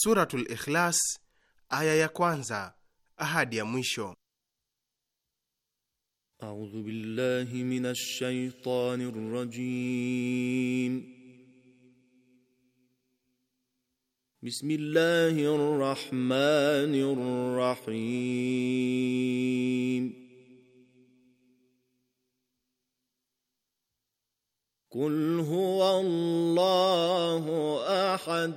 Suratul Ikhlas aya ya kwanza ahadi ya mwisho. A'udhu billahi minash shaitanir rajim. Bismillahir rahmanir rahim. قل هو الله أحد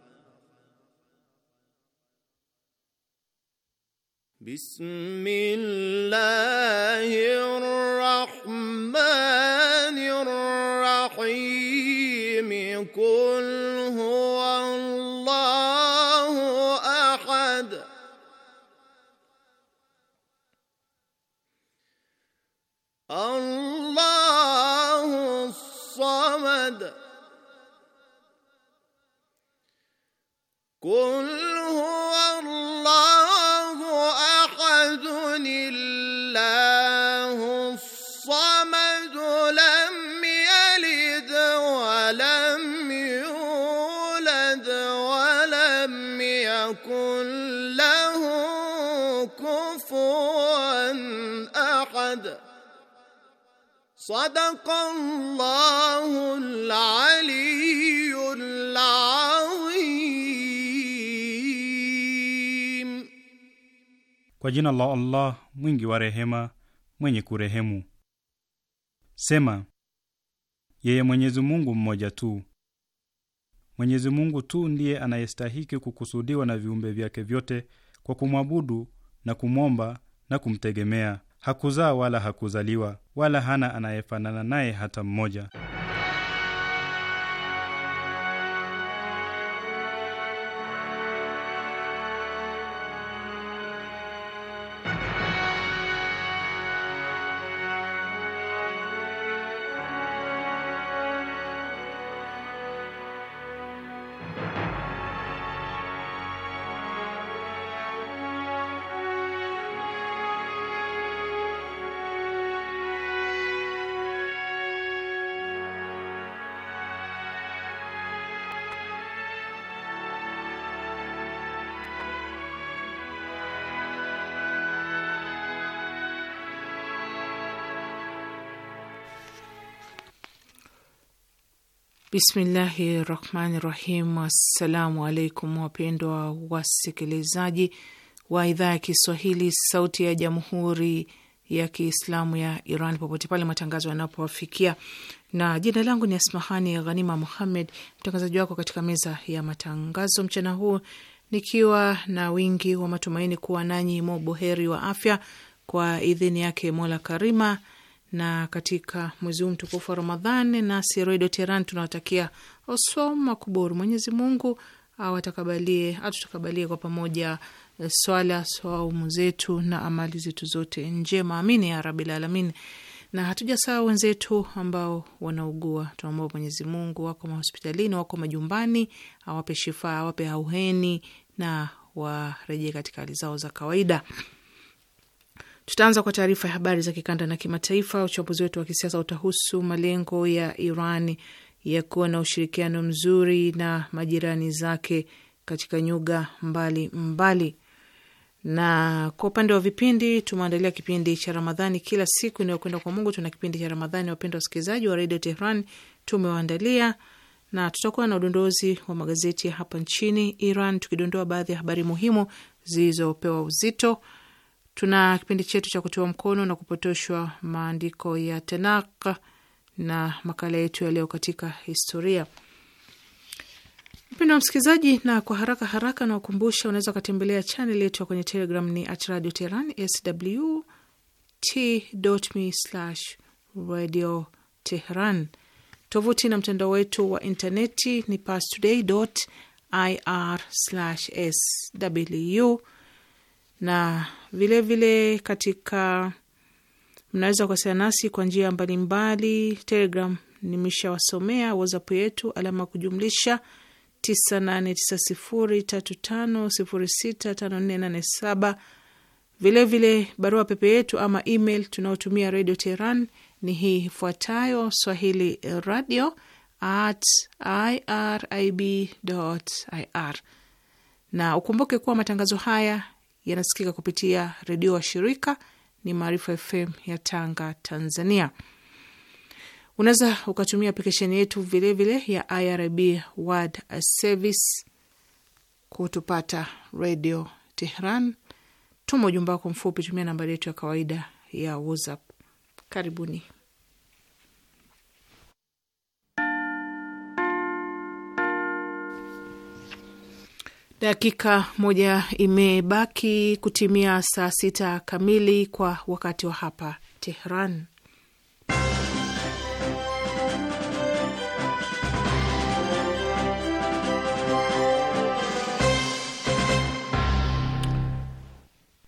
بسم الله الرحمن الرحيم قل هو الله احد الله الصمد قل هو الله أحد صدق الله العلي العظيم Kwa jina la Allah mwingi wa rehema mwenye kurehemu. Sema, yeye Mwenyezi Mungu mmoja tu. Mwenyezi Mungu tu ndiye anayestahiki kukusudiwa na viumbe vyake vyote kwa kumwabudu na kumwomba na kumtegemea hakuzaa wala hakuzaliwa wala hana anayefanana naye hata mmoja. Bismillahi rahmani rahim. Assalamu alaikum wapendwa wasikilizaji wa idhaa ya Kiswahili sauti ya jamhuri ya Kiislamu ya Iran popote pale matangazo yanapowafikia, na jina langu ni Asmahani Ghanima Muhammed, mtangazaji wako katika meza ya matangazo mchana huu, nikiwa na wingi wa matumaini kuwa nanyi moboheri wa afya kwa idhini yake Mola Karima na katika mwezi huu mtukufu wa Ramadhani, nasi Redio Teheran tunawatakia usomu makuburu. Mwenyezi Mungu awatakabalie, atutakabalie kwa pamoja eh, swala swaumu zetu na amali zetu zote njema, amini ya rabil alamin. Na hatujasahau wenzetu ambao wanaugua, tunaomba Mwenyezi Mungu, wako mahospitalini, wako majumbani, awape shifaa, awape auheni na warejee katika hali zao za kawaida. Tutaanza kwa taarifa ya habari za kikanda na kimataifa. Uchambuzi wetu wa kisiasa utahusu malengo ya Iran ya kuwa na ushirikiano mzuri na majirani zake katika nyuga mbalimbali mbali. Na kwa upande wa vipindi tumeandalia kipindi cha Ramadhani kila siku inayokwenda kwa Mungu. Tuna kipindi cha Ramadhani, wapendwa wasikilizaji wa redio Tehran, tumewaandalia na tutakuwa na udondozi wa magazeti ya hapa nchini Iran, tukidondoa baadhi ya habari muhimu zilizopewa uzito Tuna kipindi chetu cha kutiwa mkono na kupotoshwa maandiko ya Tanakh na makala yetu yaliyo katika historia. Mpendo wa msikilizaji, na kwa haraka haraka nawakumbusha, unaweza ukatembelea chaneli yetu ya kwenye Telegram ni at radio Teheran sw t.me radio Teheran. Tovuti na mtandao wetu wa intaneti ni pastoday ir sw na vilevile vile katika mnaweza kuwasiliana nasi kwa njia mbalimbali. Telegram nimeshawasomea, WhatsApp yetu alama kujumlisha 989035065487. Vilevile barua pepe yetu ama email tunaotumia Radio Teheran ni hii ifuatayo: swahili radio at ir. Na ukumbuke kuwa matangazo haya yanasikika kupitia redio wa shirika ni Maarifa FM ya Tanga, Tanzania. Unaweza ukatumia aplikesheni yetu vilevile vile ya IRIB World Service kutupata redio Tehran. Tuma ujumbe wako mfupi, tumia nambari yetu ya kawaida ya WhatsApp. Karibuni. Dakika moja imebaki kutimia saa sita kamili kwa wakati wa hapa Tehran.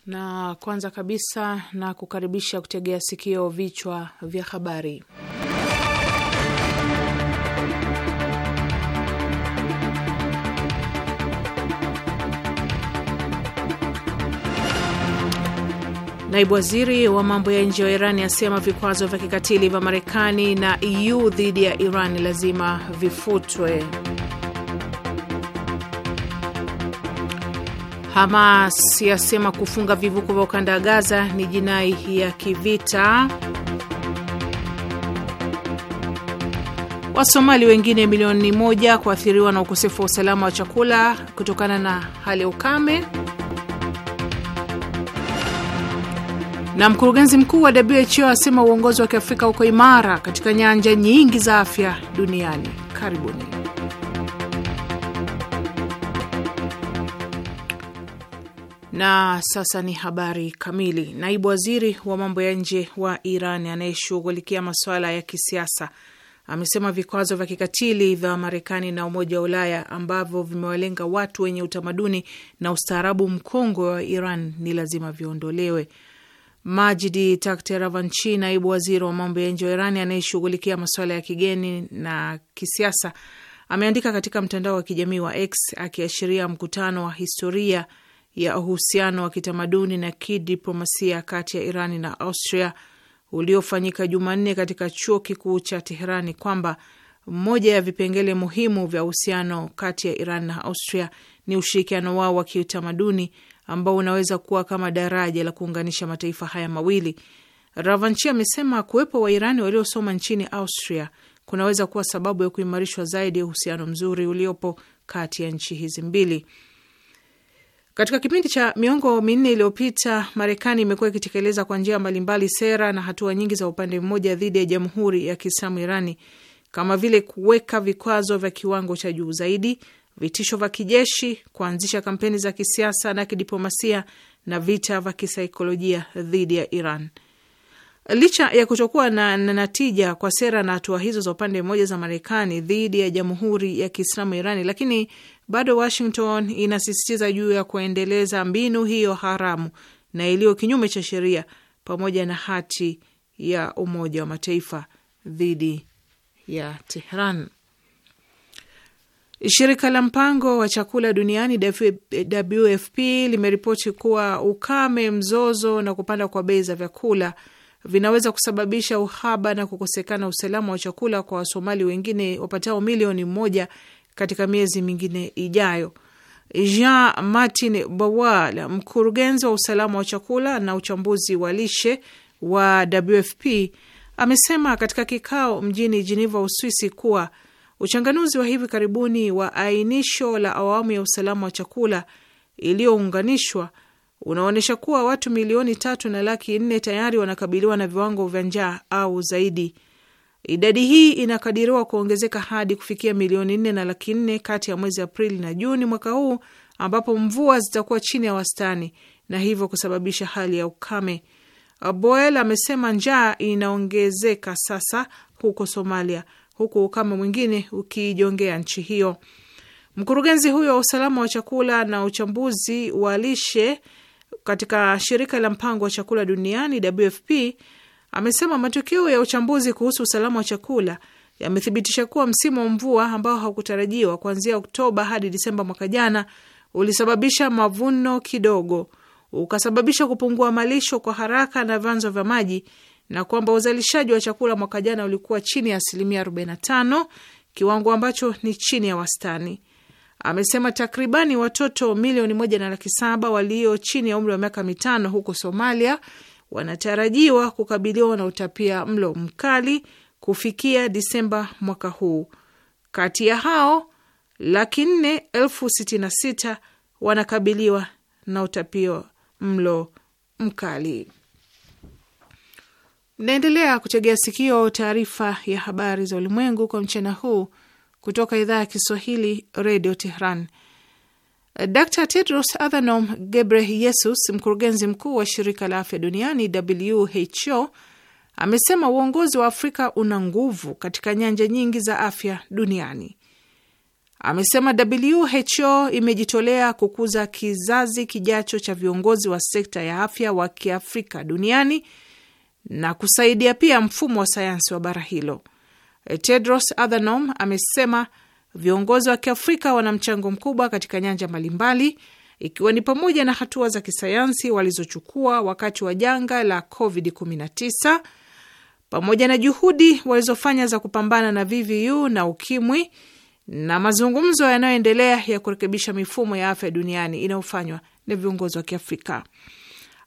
Na kwanza kabisa na kukaribisha kutegea sikio vichwa vya habari. Naibu waziri wa mambo ya nje wa Irani asema vikwazo vya kikatili vya Marekani na EU dhidi ya Iran lazima vifutwe. Hamas yasema kufunga vivuko vya ukanda wa Gaza ni jinai ya kivita. Wasomali wengine milioni moja kuathiriwa na ukosefu wa usalama wa chakula kutokana na hali ya ukame. Na mkurugenzi mkuu wa WHO asema uongozi wa Kiafrika uko imara katika nyanja nyingi za afya duniani. Karibuni. Na sasa ni habari kamili. Naibu waziri wa mambo ya nje wa Iran anayeshughulikia masuala ya kisiasa amesema vikwazo vya kikatili vya Marekani na Umoja wa Ulaya ambavyo vimewalenga watu wenye utamaduni na ustaarabu mkongwe wa Iran ni lazima viondolewe. Majidi Takteravanchi, naibu waziri wa mambo ya nje wa Irani anayeshughulikia masuala ya kigeni na kisiasa, ameandika katika mtandao wa kijamii wa X akiashiria mkutano wa historia ya uhusiano wa kitamaduni na kidiplomasia kati ya Irani na Austria uliofanyika Jumanne katika chuo kikuu cha Teherani kwamba moja ya vipengele muhimu vya uhusiano kati ya Iran na Austria ni ushirikiano wao wa kiutamaduni ambao unaweza kuwa kama daraja la kuunganisha mataifa haya mawili. Ravanchi amesema kuwepo Wairani waliosoma nchini Austria kunaweza kuwa sababu ya kuimarishwa zaidi ya uhusiano mzuri uliopo kati ya nchi hizi mbili. Katika kipindi cha miongo minne iliyopita, Marekani imekuwa ikitekeleza kwa njia mbalimbali sera na hatua nyingi za upande mmoja dhidi ya Jamhuri ya Kiislamu Irani, kama vile kuweka vikwazo vya kiwango cha juu zaidi vitisho vya kijeshi, kuanzisha kampeni za kisiasa na kidiplomasia na vita vya kisaikolojia dhidi ya Iran. Licha ya kutokuwa na, na natija kwa sera na hatua hizo za upande mmoja za Marekani dhidi ya Jamhuri ya Kiislamu Irani, lakini bado Washington inasisitiza juu ya kuendeleza mbinu hiyo haramu na iliyo kinyume cha sheria pamoja na hati ya Umoja wa Mataifa dhidi ya Tehran. Shirika la mpango wa chakula duniani WFP limeripoti kuwa ukame, mzozo na kupanda kwa bei za vyakula vinaweza kusababisha uhaba na kukosekana usalama wa chakula kwa Wasomali wengine wapatao milioni moja katika miezi mingine ijayo. Jean Martin Bowal, mkurugenzi wa usalama wa chakula na uchambuzi wa lishe wa WFP, amesema katika kikao mjini Geneva, Uswisi, kuwa Uchanganuzi wa hivi karibuni wa ainisho la awamu ya usalama wa chakula iliyounganishwa unaonyesha kuwa watu milioni tatu na laki nne tayari wanakabiliwa na viwango vya njaa au zaidi. Idadi hii inakadiriwa kuongezeka hadi kufikia milioni nne na laki nne kati ya mwezi Aprili na Juni mwaka huu ambapo mvua zitakuwa chini ya wastani na hivyo kusababisha hali ya ukame. Boel amesema njaa inaongezeka sasa huko Somalia huku ukame mwingine ukiijongea nchi hiyo. Mkurugenzi huyo wa usalama wa chakula na uchambuzi wa lishe katika shirika la mpango wa chakula duniani WFP amesema matukio ya uchambuzi kuhusu usalama wa chakula yamethibitisha kuwa msimu wa mvua ambao haukutarajiwa kuanzia Oktoba hadi Disemba mwaka jana ulisababisha mavuno kidogo, ukasababisha kupungua malisho kwa haraka na vyanzo vya maji, na kwamba uzalishaji wa chakula mwaka jana ulikuwa chini ya asilimia 45, kiwango ambacho ni chini ya wastani. Amesema takribani watoto milioni moja na laki saba walio chini ya umri wa miaka mitano huko Somalia wanatarajiwa kukabiliwa na utapia mlo mkali kufikia Disemba mwaka huu. Kati ya hao laki nne elfu sitini na sita wanakabiliwa na utapia mlo mkali. Naendelea kutegea sikio taarifa ya habari za ulimwengu kwa mchana huu kutoka idhaa ya Kiswahili redio Tehran. Dr Tedros Adhanom Ghebreyesus, mkurugenzi mkuu wa shirika la afya duniani WHO, amesema uongozi wa Afrika una nguvu katika nyanja nyingi za afya duniani. Amesema WHO imejitolea kukuza kizazi kijacho cha viongozi wa sekta ya afya wa kiafrika duniani na kusaidia pia mfumo wa sayansi wa bara hilo. E, Tedros Adhanom amesema viongozi wa Kiafrika wana mchango mkubwa katika nyanja mbalimbali, ikiwa ni pamoja na hatua za kisayansi walizochukua wakati wa janga la COVID-19 pamoja na juhudi walizofanya za kupambana na VVU na ukimwi na mazungumzo yanayoendelea ya kurekebisha mifumo ya afya duniani inayofanywa na viongozi wa Kiafrika.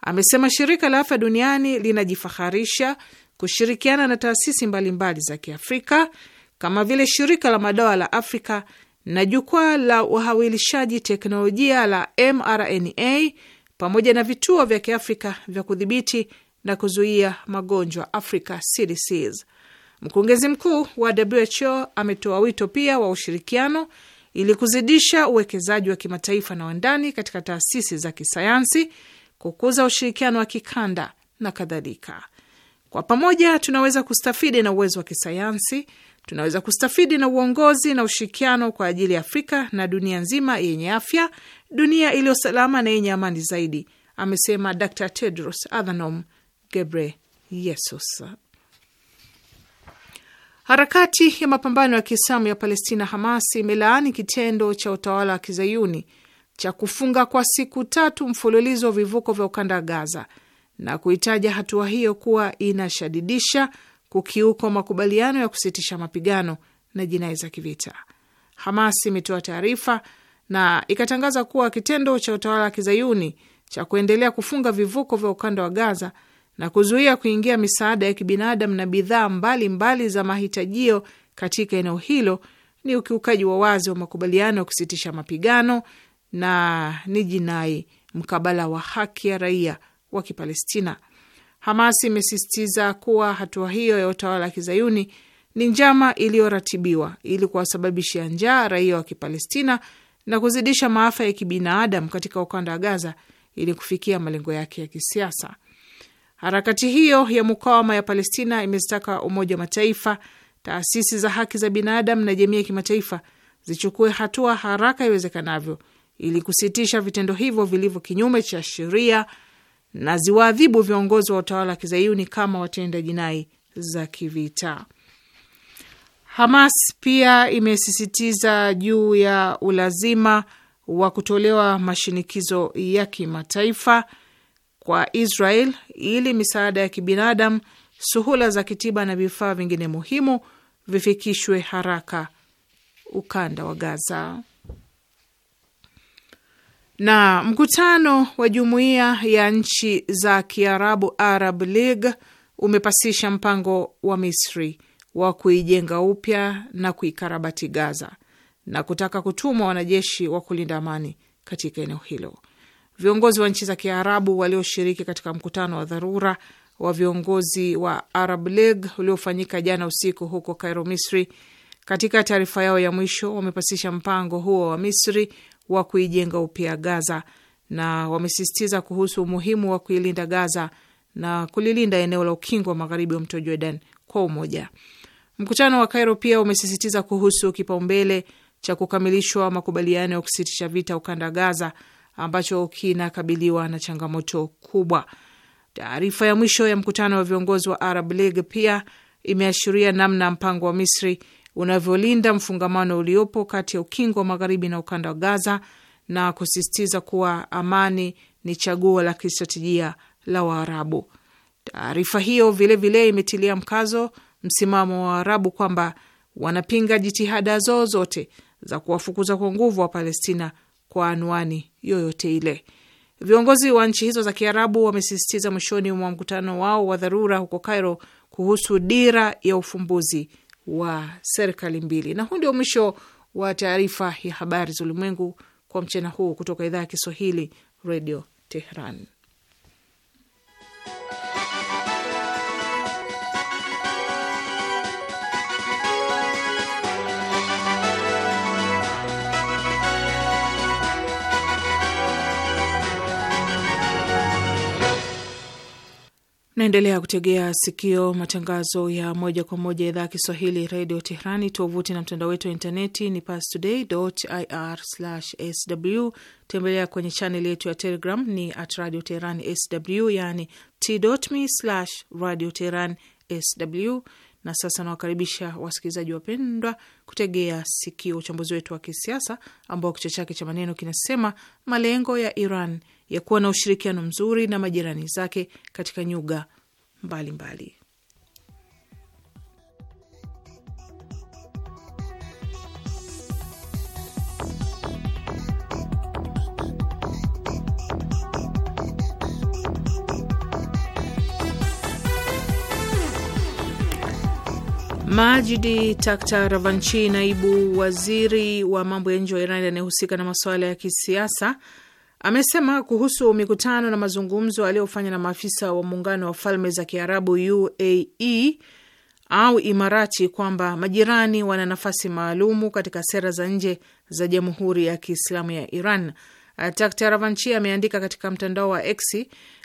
Amesema shirika la afya duniani linajifaharisha kushirikiana na taasisi mbalimbali za Kiafrika kama vile shirika la madawa la Afrika na jukwaa la uhawilishaji teknolojia la mRNA pamoja na vituo vya Kiafrika vya kudhibiti na kuzuia magonjwa Africa CDC. Mkurugenzi mkuu wa WHO ametoa wito pia wa ushirikiano ili kuzidisha uwekezaji wa kimataifa na wa ndani katika taasisi za kisayansi kukuza ushirikiano wa kikanda na kadhalika. Kwa pamoja tunaweza kustafidi na uwezo wa kisayansi, tunaweza kustafidi na uongozi na ushirikiano kwa ajili ya Afrika na dunia nzima yenye afya, dunia iliyo salama na yenye amani zaidi, amesema Dr Tedros Adhanom Ghebreyesus. Harakati ya mapambano ya Kiislamu ya Palestina, Hamas, imelaani kitendo cha utawala wa kizayuni cha kufunga kwa siku tatu mfululizo wa vivuko vya ukanda wa Gaza na kuitaja hatua hiyo kuwa inashadidisha kukiuka makubaliano ya kusitisha mapigano na jinai za kivita. Hamas imetoa taarifa na ikatangaza kuwa kitendo cha utawala wa kizayuni cha kuendelea kufunga vivuko vya ukanda wa Gaza na kuzuia kuingia misaada ya kibinadamu na bidhaa mbalimbali za mahitajio katika eneo hilo ni ukiukaji wa wazi wa makubaliano ya kusitisha mapigano na ni jinai mkabala wa haki ya raia wa Kipalestina. Hamas imesisitiza kuwa hatua hiyo ya utawala wa kizayuni ni njama iliyoratibiwa ili kuwasababishia njaa raia wa Kipalestina na kuzidisha maafa ya kibinadamu katika ukanda wa Gaza ili kufikia malengo yake ya kisiasa. Harakati hiyo ya mukawama ya Palestina imezitaka Umoja wa Mataifa, taasisi za haki za binadamu na jamii ya kimataifa zichukue hatua haraka iwezekanavyo ili kusitisha vitendo hivyo vilivyo kinyume cha sheria na ziwaadhibu viongozi wa utawala wa kizayuni kama watenda jinai za kivita. Hamas pia imesisitiza juu ya ulazima wa kutolewa mashinikizo ya kimataifa kwa Israel ili misaada ya kibinadamu, suhula za kitiba na vifaa vingine muhimu vifikishwe haraka ukanda wa Gaza na mkutano wa jumuiya ya nchi za Kiarabu, Arab League, umepasisha mpango wa Misri wa kuijenga upya na kuikarabati Gaza na kutaka kutumwa wanajeshi wa kulinda amani katika eneo hilo. Viongozi wa nchi za Kiarabu walioshiriki katika mkutano wa dharura wa viongozi wa Arab League uliofanyika jana usiku huko Cairo, Misri, katika taarifa yao ya mwisho wamepasisha mpango huo wa Misri wa kuijenga upya Gaza na wamesisitiza kuhusu umuhimu wa kuilinda Gaza na kulilinda eneo la ukingo wa magharibi wa mto Jordan kwa umoja. Mkutano wa Kairo pia umesisitiza kuhusu kipaumbele cha kukamilishwa makubaliano ya kusitisha vita ukanda Gaza ambacho kinakabiliwa na changamoto kubwa. Taarifa ya mwisho ya mkutano wa viongozi wa Arab League pia imeashiria namna mpango wa Misri unavyolinda mfungamano uliopo kati ya ukingo wa magharibi na ukanda wa Gaza na kusisitiza kuwa amani ni chaguo la kistratejia la Waarabu. Taarifa hiyo vilevile imetilia mkazo msimamo wa Waarabu kwamba wanapinga jitihada zozote za kuwafukuza kwa nguvu wa Palestina kwa anwani yoyote ile. Viongozi wa nchi hizo za Kiarabu wamesisitiza mwishoni mwa mkutano wao wa dharura huko Cairo kuhusu dira ya ufumbuzi wa serikali mbili. Na huu ndio mwisho wa taarifa ya habari za ulimwengu kwa mchana huu kutoka idhaa ya Kiswahili, Redio Tehran. Naendelea kutegea sikio matangazo ya moja kwa moja ya idhaa ya Kiswahili redio Tehrani. Tovuti na mtandao wetu wa intaneti ni pastoday.ir/sw. Tembelea kwenye chaneli yetu ya Telegram ni at radio teheran sw, yaani t.me/radio teheran sw na sasa nawakaribisha wasikilizaji wapendwa kutegea sikio uchambuzi wetu wa kisiasa ambao kichwa chake cha maneno kinasema malengo ya Iran ya kuwa na ushirikiano mzuri na majirani zake katika nyuga mbalimbali mbali. Majidi ravanchi naibu waziri wa mambo ya nje wa Iran anayehusika na masuala ya kisiasa, amesema kuhusu mikutano na mazungumzo aliyofanya na maafisa wa muungano wa falme za Kiarabu UAE au Imarati kwamba majirani wana nafasi maalumu katika sera za nje za Jamhuri ya Kiislamu ya Iran. takta ravanchi ameandika katika mtandao wa X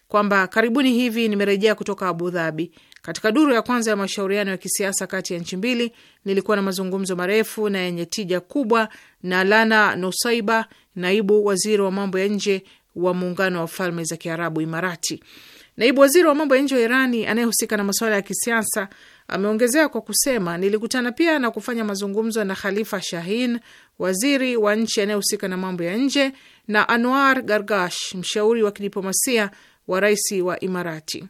kwamba karibuni hivi nimerejea kutoka Abu Dhabi katika duru ya kwanza ya mashauriano ya kisiasa kati ya nchi mbili, nilikuwa na mazungumzo marefu na yenye tija kubwa na Lana Nusaiba, naibu waziri wa mambo ya nje wa Muungano wa Falme za Kiarabu, Imarati. Naibu waziri wa mambo ya nje wa Irani anayehusika na masuala ya kisiasa ameongezea kwa kusema, nilikutana pia na kufanya mazungumzo na Khalifa Shahin, waziri wa nchi anayehusika na mambo ya nje, na Anwar Gargash, mshauri wa kidiplomasia wa rais wa Imarati.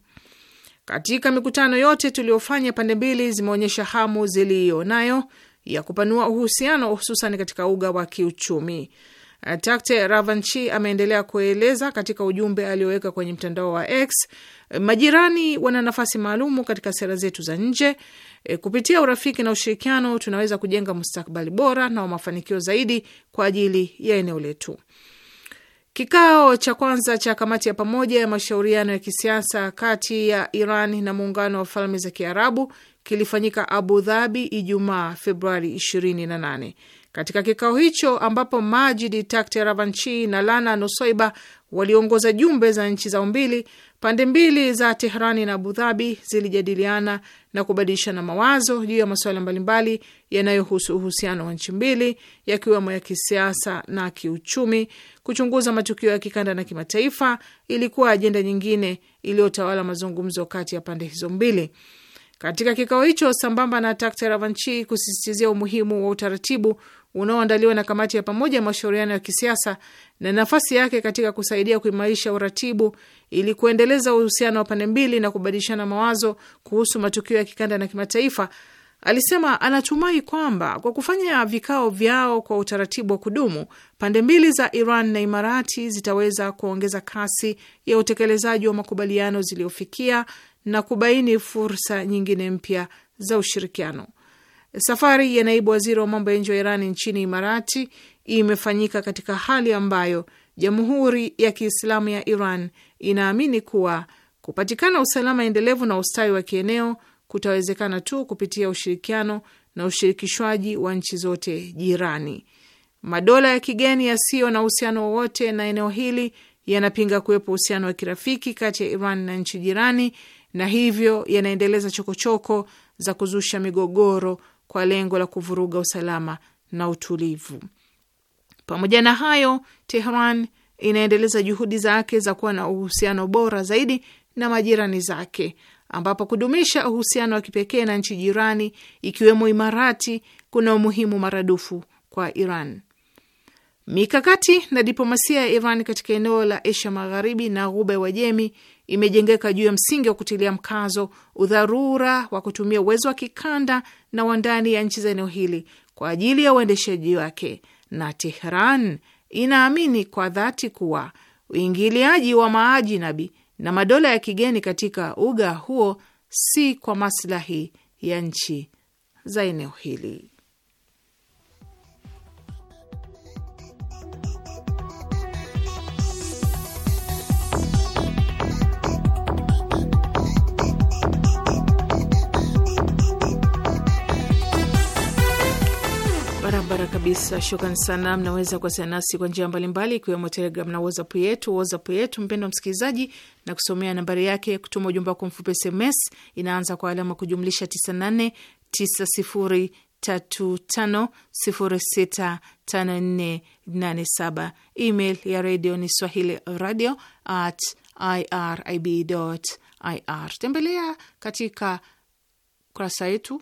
Katika mikutano yote tuliyofanya, pande mbili zimeonyesha hamu ziliyonayo ya kupanua uhusiano, hususan katika uga wa kiuchumi. Takte Ravanchi ameendelea kueleza katika ujumbe alioweka kwenye mtandao wa X, majirani wana nafasi maalumu katika sera zetu za nje. E, kupitia urafiki na ushirikiano tunaweza kujenga mustakabali bora na wa mafanikio zaidi kwa ajili ya eneo letu. Kikao cha kwanza cha kamati ya pamoja ya mashauriano ya kisiasa kati ya Iran na Muungano wa Falme za Kiarabu kilifanyika Abu Dhabi Ijumaa, Februari 28. Katika kikao hicho ambapo Majid Takht Ravanchi na Lana Nusoiba waliongoza jumbe za nchi zao mbili. Pande mbili za Tehrani na Abu Dhabi zilijadiliana na kubadilishana mawazo juu ya masuala mbalimbali yanayohusu uhusiano wa nchi mbili, yakiwemo ya kisiasa na kiuchumi. Kuchunguza matukio ya kikanda na kimataifa ilikuwa ajenda nyingine iliyotawala mazungumzo kati ya pande hizo mbili. Katika kikao hicho, sambamba na Takht Ravanchi kusisitizia umuhimu wa utaratibu unaoandaliwa na kamati ya pamoja ya mashauriano ya kisiasa na nafasi yake katika kusaidia kuimarisha uratibu ili kuendeleza uhusiano wa pande mbili na kubadilishana mawazo kuhusu matukio ya kikanda na kimataifa, alisema anatumai kwamba kwa kufanya vikao vyao kwa utaratibu wa kudumu, pande mbili za Iran na Imarati zitaweza kuongeza kasi ya utekelezaji wa makubaliano ziliyofikia na kubaini fursa nyingine mpya za ushirikiano. Safari ya naibu waziri wa mambo ya nje wa Irani nchini Imarati imefanyika katika hali ambayo Jamhuri ya Kiislamu ya Iran inaamini kuwa kupatikana usalama endelevu na ustawi wa kieneo kutawezekana tu kupitia ushirikiano na ushirikishwaji wa nchi zote jirani. Madola ya kigeni yasiyo na uhusiano wowote na eneo hili yanapinga kuwepo uhusiano wa kirafiki kati ya Iran na nchi jirani, na hivyo yanaendeleza chokochoko za kuzusha migogoro kwa lengo la kuvuruga usalama na utulivu. Pamoja na hayo, Tehran inaendeleza juhudi zake za kuwa na uhusiano bora zaidi na majirani zake, ambapo kudumisha uhusiano wa kipekee na nchi jirani ikiwemo Imarati kuna umuhimu maradufu kwa Iran. Mikakati na diplomasia ya Iran katika eneo la Asia Magharibi na Ghuba ya Uajemi imejengeka juu ya msingi wa kutilia mkazo udharura wa kutumia uwezo wa kikanda na wa ndani ya nchi za eneo hili kwa ajili ya uendeshaji wake, na Tehran inaamini kwa dhati kuwa uingiliaji wa maajinabi na madola ya kigeni katika uga huo si kwa maslahi ya nchi za eneo hili. Barabara kabisa, shukran sana. Mnaweza kuwasiliana nasi kwa njia mbalimbali, ikiwemo Telegram na WhatsApp yetu. WhatsApp yetu mpendo msikilizaji, na kusomea nambari yake kutuma ujumbe wako mfupi SMS, inaanza kwa alama kujumlisha 989035065487. Email ya redio ni swahili radio at irib ir. Tembelea katika kurasa yetu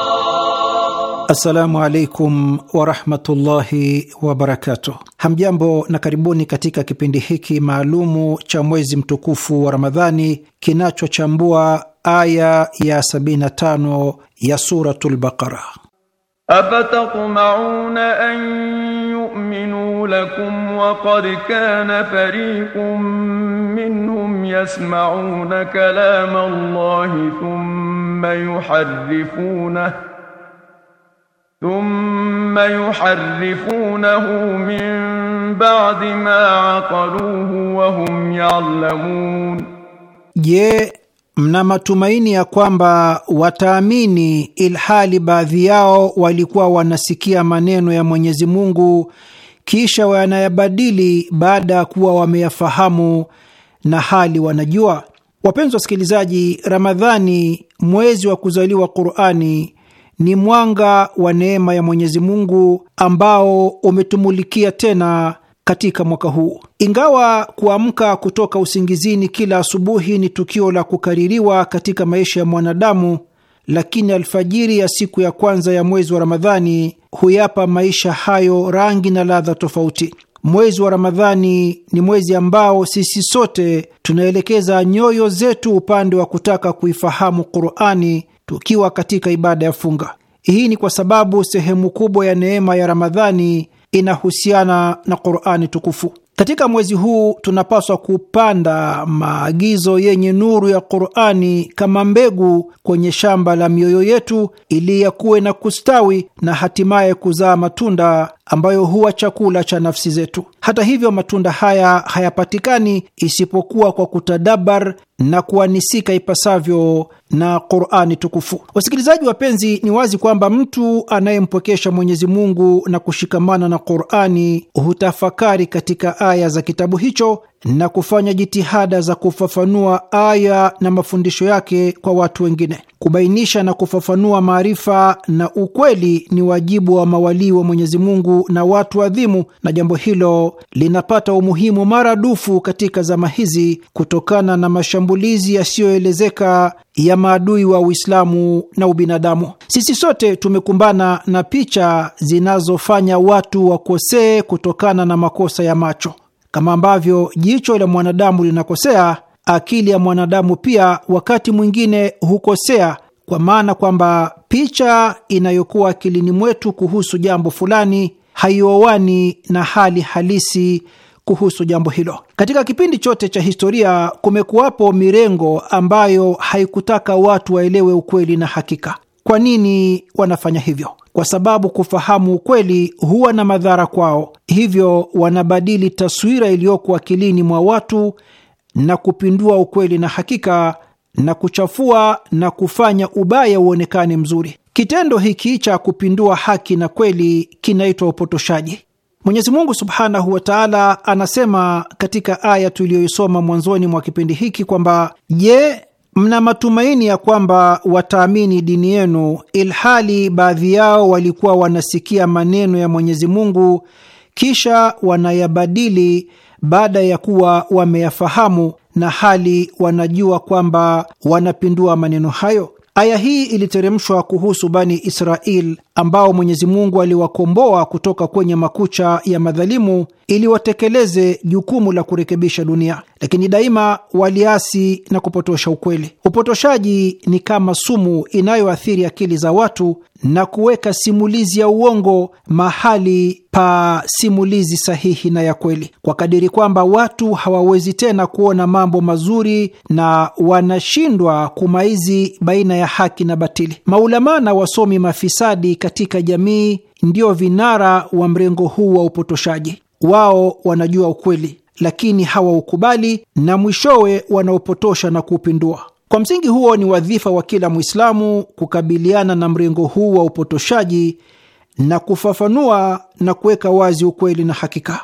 Assalamu alaikum warahmatullahi wabarakatuh. Hamjambo na karibuni katika kipindi hiki maalumu cha mwezi mtukufu wa Ramadhani kinachochambua aya ya 75 ya Suratul Baqara. Afatatma'una an yu'minu lakum wa qad kana fariqun minhum yasma'una kalama Allahi thumma yuharrifunahu thumma yuharrifunahu min ba'di ma aqaluhu wa hum je, mna matumaini ya kwamba wataamini ilhali baadhi yao walikuwa wanasikia maneno ya Mwenyezi Mungu kisha wanayabadili baada ya kuwa wameyafahamu na hali wanajua? Wapenzi wasikilizaji, Ramadhani, mwezi wa kuzaliwa Qur'ani ni mwanga wa neema ya Mwenyezi Mungu ambao umetumulikia tena katika mwaka huu. Ingawa kuamka kutoka usingizini kila asubuhi ni tukio la kukaririwa katika maisha ya mwanadamu, lakini alfajiri ya siku ya kwanza ya mwezi wa Ramadhani huyapa maisha hayo rangi na ladha tofauti. Mwezi wa Ramadhani ni mwezi ambao sisi sote tunaelekeza nyoyo zetu upande wa kutaka kuifahamu Qur'ani tukiwa katika ibada ya funga. Hii ni kwa sababu sehemu kubwa ya neema ya Ramadhani inahusiana na Qur'ani tukufu. Katika mwezi huu tunapaswa kupanda maagizo yenye nuru ya Qur'ani kama mbegu kwenye shamba la mioyo yetu ili yakuwe na kustawi na hatimaye kuzaa matunda ambayo huwa chakula cha nafsi zetu. Hata hivyo, matunda haya hayapatikani isipokuwa kwa kutadabar na kuanisika ipasavyo na Qur'ani tukufu. Wasikilizaji wapenzi, ni wazi kwamba mtu anayempokesha Mwenyezi Mungu na kushikamana na Qur'ani hutafakari katika aya za kitabu hicho na kufanya jitihada za kufafanua aya na mafundisho yake kwa watu wengine. Kubainisha na kufafanua maarifa na ukweli ni wajibu wa mawalii wa Mwenyezi Mungu na watu adhimu, na jambo hilo linapata umuhimu maradufu katika zama hizi kutokana na mashambulizi yasiyoelezeka ya maadui wa Uislamu na ubinadamu. Sisi sote tumekumbana na picha zinazofanya watu wakosee kutokana na makosa ya macho. Kama ambavyo jicho la mwanadamu linakosea, akili ya mwanadamu pia wakati mwingine hukosea, kwa maana kwamba picha inayokuwa akilini mwetu kuhusu jambo fulani haioani na hali halisi kuhusu jambo hilo. Katika kipindi chote cha historia kumekuwapo mirengo ambayo haikutaka watu waelewe ukweli na hakika. Kwa nini wanafanya hivyo? kwa sababu kufahamu ukweli huwa na madhara kwao, hivyo wanabadili taswira iliyoko akilini mwa watu na kupindua ukweli na hakika na kuchafua na kufanya ubaya uonekane mzuri. Kitendo hiki cha kupindua haki na kweli kinaitwa upotoshaji. Mwenyezi Mungu subhanahu wa taala anasema katika aya tuliyoisoma mwanzoni mwa kipindi hiki kwamba je, mna matumaini ya kwamba wataamini dini yenu, ilhali baadhi yao walikuwa wanasikia maneno ya Mwenyezi Mungu kisha wanayabadili baada ya kuwa wameyafahamu, na hali wanajua kwamba wanapindua maneno hayo. Aya hii iliteremshwa kuhusu Bani Israel ambao Mwenyezi Mungu aliwakomboa kutoka kwenye makucha ya madhalimu ili watekeleze jukumu la kurekebisha dunia, lakini daima waliasi na kupotosha ukweli. Upotoshaji ni kama sumu inayoathiri akili za watu na kuweka simulizi ya uongo mahali pa simulizi sahihi na ya kweli, kwa kadiri kwamba watu hawawezi tena kuona mambo mazuri na wanashindwa kumaizi baina ya haki na batili. Maulama na wasomi mafisadi katika jamii ndio vinara wa mrengo huu wa upotoshaji. Wao wanajua ukweli, lakini hawaukubali na mwishowe wanaopotosha na kuupindua. Kwa msingi huo, ni wadhifa wa kila Mwislamu kukabiliana na mrengo huu wa upotoshaji na kufafanua na kuweka wazi ukweli na hakika.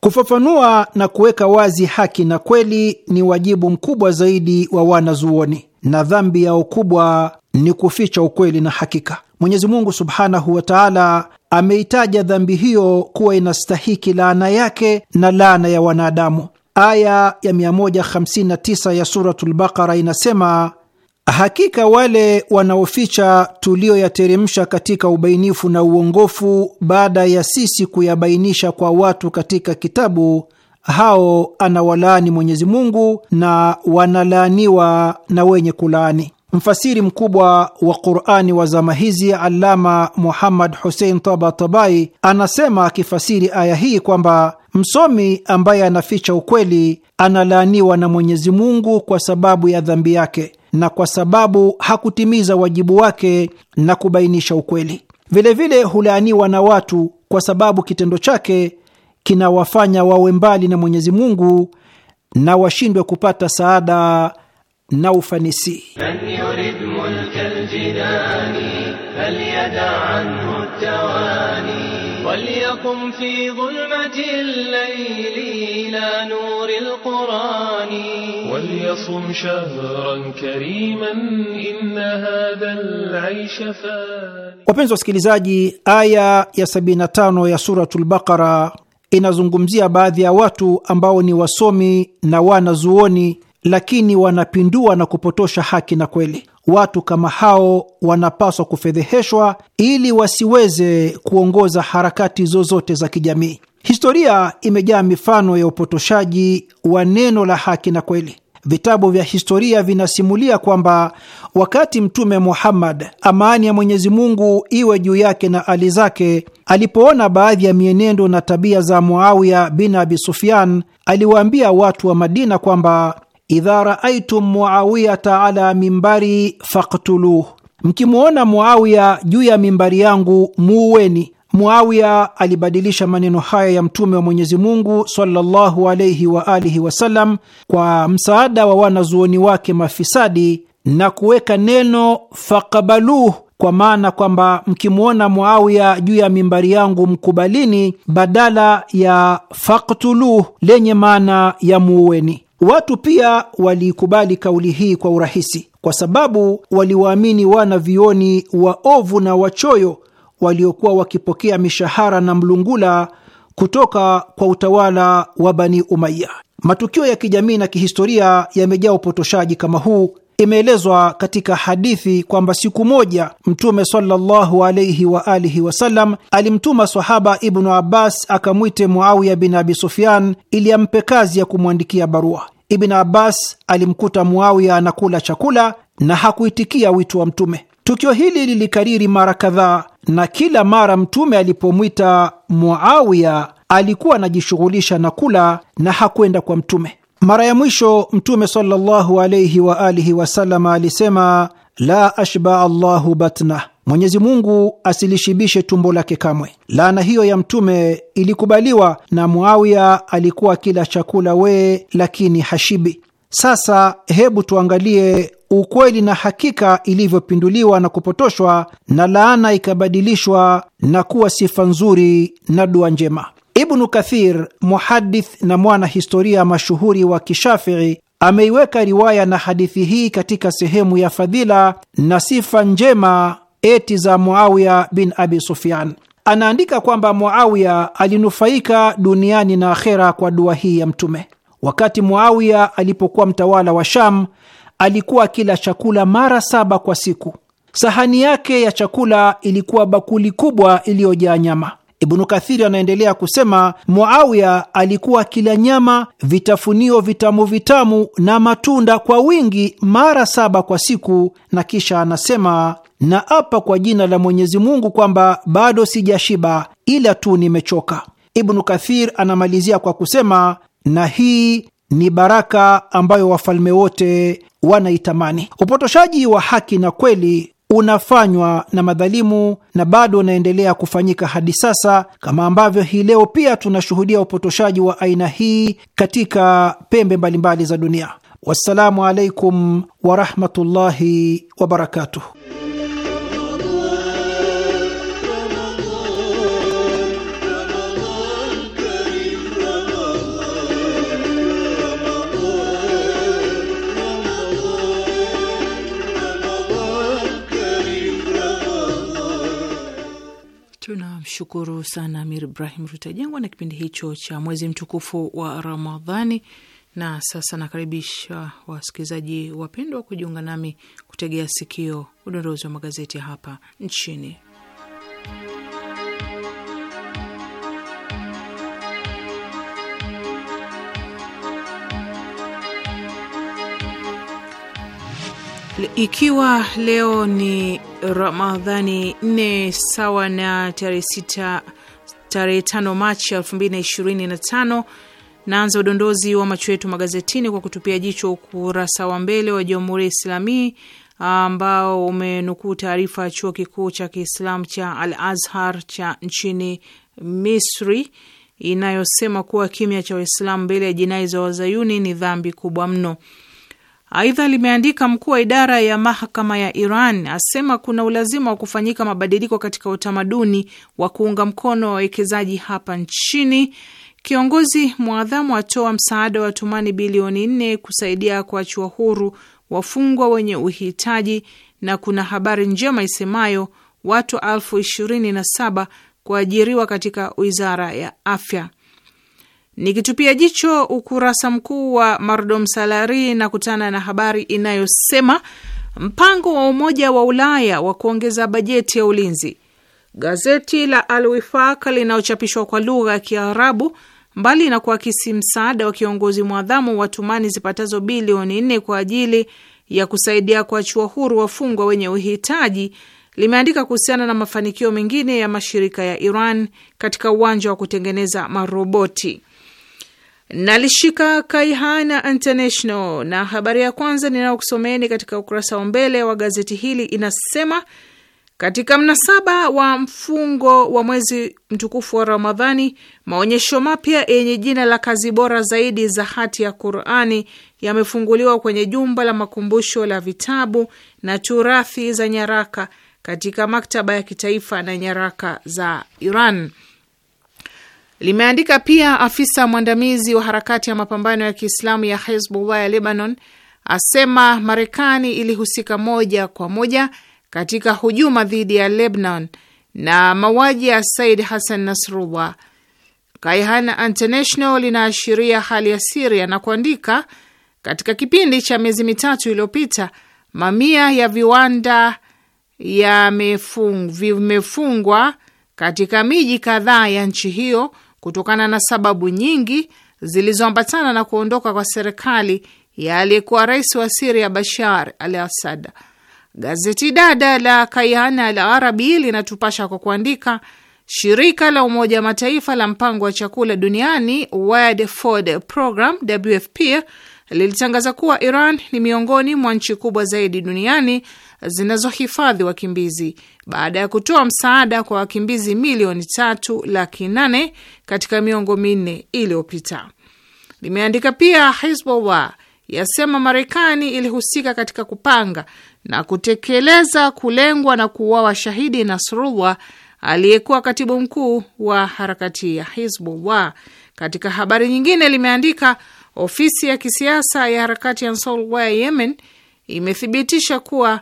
Kufafanua na kuweka wazi haki na kweli ni wajibu mkubwa zaidi wa wanazuoni, na dhambi yao kubwa ni kuficha ukweli na hakika. Mwenyezi Mungu subhanahu wa taala ameitaja dhambi hiyo kuwa inastahiki laana yake na laana ya wanadamu. Aya ya 159 ya Suratul Baqara inasema, hakika wale wanaoficha tuliyoyateremsha katika ubainifu na uongofu baada ya sisi kuyabainisha kwa watu katika kitabu, hao anawalaani Mwenyezi Mungu na wanalaaniwa na wenye kulaani. Mfasiri mkubwa wa Qurani wa zama hizi alama Muhammad Husein Tabatabai anasema akifasiri aya hii kwamba msomi ambaye anaficha ukweli analaaniwa na Mwenyezi Mungu kwa sababu ya dhambi yake na kwa sababu hakutimiza wajibu wake na kubainisha ukweli. Vilevile hulaaniwa na watu kwa sababu kitendo chake kinawafanya wawe mbali na Mwenyezi Mungu na washindwe kupata saada na ufanisi. Wapenzi wasikilizaji, aya ya 75 ya Suratul Baqara inazungumzia baadhi ya watu ambao ni wasomi na wanazuoni lakini wanapindua na kupotosha haki na kweli. Watu kama hao wanapaswa kufedheheshwa ili wasiweze kuongoza harakati zozote za kijamii. Historia imejaa mifano ya upotoshaji wa neno la haki na kweli. Vitabu vya historia vinasimulia kwamba wakati Mtume Muhammad, amani ya Mwenyezi Mungu iwe juu yake na ali zake, alipoona baadhi ya mienendo na tabia za Muawiya bin Abi Sufyan, aliwaambia watu wa Madina kwamba idha raaitum muawiyata ala mimbari faktuluh, mkimwona Muawiya juu ya mimbari yangu muuweni. Muawiya alibadilisha maneno haya ya Mtume wa Mwenyezi Mungu sallallahu alayhi wa alihi wasallam kwa msaada wa wanazuoni wake mafisadi na kuweka neno fakabaluh kwa maana kwamba mkimwona Muawiya juu ya mimbari yangu mkubalini, badala ya faktuluh lenye maana ya muuweni. Watu pia waliikubali kauli hii kwa urahisi, kwa sababu waliwaamini wana vioni waovu na wachoyo waliokuwa wakipokea mishahara na mlungula kutoka kwa utawala wa Bani Umaya. Matukio ya kijamii na kihistoria yamejaa upotoshaji kama huu Imeelezwa katika hadithi kwamba siku moja Mtume sallallahu alaihi wa alihi wasallam alimtuma sahaba Ibnu Abbas akamwite Muawiya bin Abi Sufyan ili ampe kazi ya kumwandikia barua. Ibnu Abbas alimkuta Muawiya anakula chakula na hakuitikia wito wa Mtume. Tukio hili lilikariri mara kadhaa, na kila mara Mtume alipomwita Muawiya alikuwa anajishughulisha na kula na hakwenda kwa Mtume. Mara ya mwisho Mtume sallallahu alaihi wa alihi wasalama alisema, la ashba Allahu batna, Mwenyezi Mungu asilishibishe tumbo lake kamwe. Laana hiyo ya Mtume ilikubaliwa na Muawiya, alikuwa kila chakula wee, lakini hashibi. Sasa hebu tuangalie ukweli na hakika ilivyopinduliwa na kupotoshwa na laana ikabadilishwa na kuwa sifa nzuri na dua njema. Ibnu Kathir, muhadith na mwana historia mashuhuri wa Kishafii, ameiweka riwaya na hadithi hii katika sehemu ya fadhila na sifa njema eti za Muawiya bin Abi Sufyan. Anaandika kwamba Muawiya alinufaika duniani na akhera kwa dua hii ya Mtume. Wakati Muawiya alipokuwa mtawala wa Sham, alikuwa akila chakula mara saba kwa siku. Sahani yake ya chakula ilikuwa bakuli kubwa iliyojaa nyama. Ibnu Kathiri anaendelea kusema, Muawiya alikuwa kila nyama, vitafunio vitamu vitamu na matunda kwa wingi mara saba kwa siku, na kisha anasema na apa kwa jina la Mwenyezi Mungu kwamba bado sijashiba ila tu nimechoka. Ibnu Kathir anamalizia kwa kusema, na hii ni baraka ambayo wafalme wote wanaitamani. Upotoshaji wa haki na kweli unafanywa na madhalimu na bado unaendelea kufanyika hadi sasa, kama ambavyo hii leo pia tunashuhudia upotoshaji wa aina hii katika pembe mbalimbali za dunia. Wassalamu alaikum warahmatullahi wabarakatuh. Namshukuru sana Amir Ibrahim Rutajengwa na kipindi hicho cha mwezi mtukufu wa Ramadhani. Na sasa nakaribisha wasikilizaji wapendwa kujiunga nami kutegea sikio udondozi wa magazeti hapa nchini. Ikiwa leo ni Ramadhani 4 sawa na tarehe 6 tarehe 5 Machi 2025. Naanza udondozi wa macho yetu magazetini kwa kutupia jicho ukurasa wa mbele wa Jamhuri ya Islamii ambao umenukuu taarifa ya chuo kikuu cha Kiislamu cha Al Azhar cha nchini Misri inayosema kuwa kimya cha Waislamu mbele ya jinai za Wazayuni ni dhambi kubwa mno. Aidha, limeandika mkuu wa idara ya mahakama ya Iran asema kuna ulazima wa kufanyika mabadiliko katika utamaduni wa kuunga mkono wa wawekezaji hapa nchini. Kiongozi mwadhamu atoa msaada wa tumani bilioni nne kusaidia kuachiwa huru wafungwa wenye uhitaji, na kuna habari njema isemayo watu elfu ishirini na saba kuajiriwa katika wizara ya afya. Nikitupia jicho ukurasa mkuu wa Mardom Salari na kutana na habari inayosema mpango wa Umoja wa Ulaya wa kuongeza bajeti ya ulinzi. Gazeti la Al Wifaq linalochapishwa kwa lugha ya Kiarabu, mbali na kuakisi msaada wa kiongozi mwadhamu wa tumani zipatazo bilioni nne kwa ajili ya kusaidia kuachiwa huru wafungwa wenye uhitaji, limeandika kuhusiana na mafanikio mengine ya mashirika ya Iran katika uwanja wa kutengeneza maroboti. Nalishika Kaihana International na habari ya kwanza ninayokusomeni katika ukurasa wa mbele wa gazeti hili inasema katika mnasaba wa mfungo wa mwezi mtukufu wa Ramadhani, maonyesho mapya yenye jina la kazi bora zaidi za hati ya Qurani yamefunguliwa kwenye jumba la makumbusho la vitabu na turathi za nyaraka katika maktaba ya kitaifa na nyaraka za Iran limeandika pia. Afisa mwandamizi wa harakati ya mapambano ya Kiislamu ya Hezbollah ya Lebanon asema Marekani ilihusika moja kwa moja katika hujuma dhidi ya Lebanon na mauaji ya Said Hassan Nasrullah. Kaihan International linaashiria hali ya Siria na kuandika, katika kipindi cha miezi mitatu iliyopita, mamia ya viwanda yamefungwa katika miji kadhaa ya nchi hiyo kutokana na sababu nyingi zilizoambatana na kuondoka kwa serikali ya aliyekuwa rais wa Siria Bashar al Assad. Gazeti dada la Kayana al Arabi linatupasha kwa kuandika, shirika la Umoja wa Mataifa la mpango wa chakula duniani World Food Program WFP lilitangaza kuwa Iran ni miongoni mwa nchi kubwa zaidi duniani zinazohifadhi wakimbizi baada ya kutoa msaada kwa wakimbizi milioni tatu laki nane katika miongo minne iliyopita. Limeandika pia, Hizbullah yasema Marekani ilihusika katika kupanga na kutekeleza kulengwa na kuuawa shahidi Nasrullah aliyekuwa katibu mkuu wa harakati ya Hizbullah. Katika habari nyingine limeandika ofisi ya kisiasa ya harakati ya Ansarullah ya Yemen imethibitisha kuwa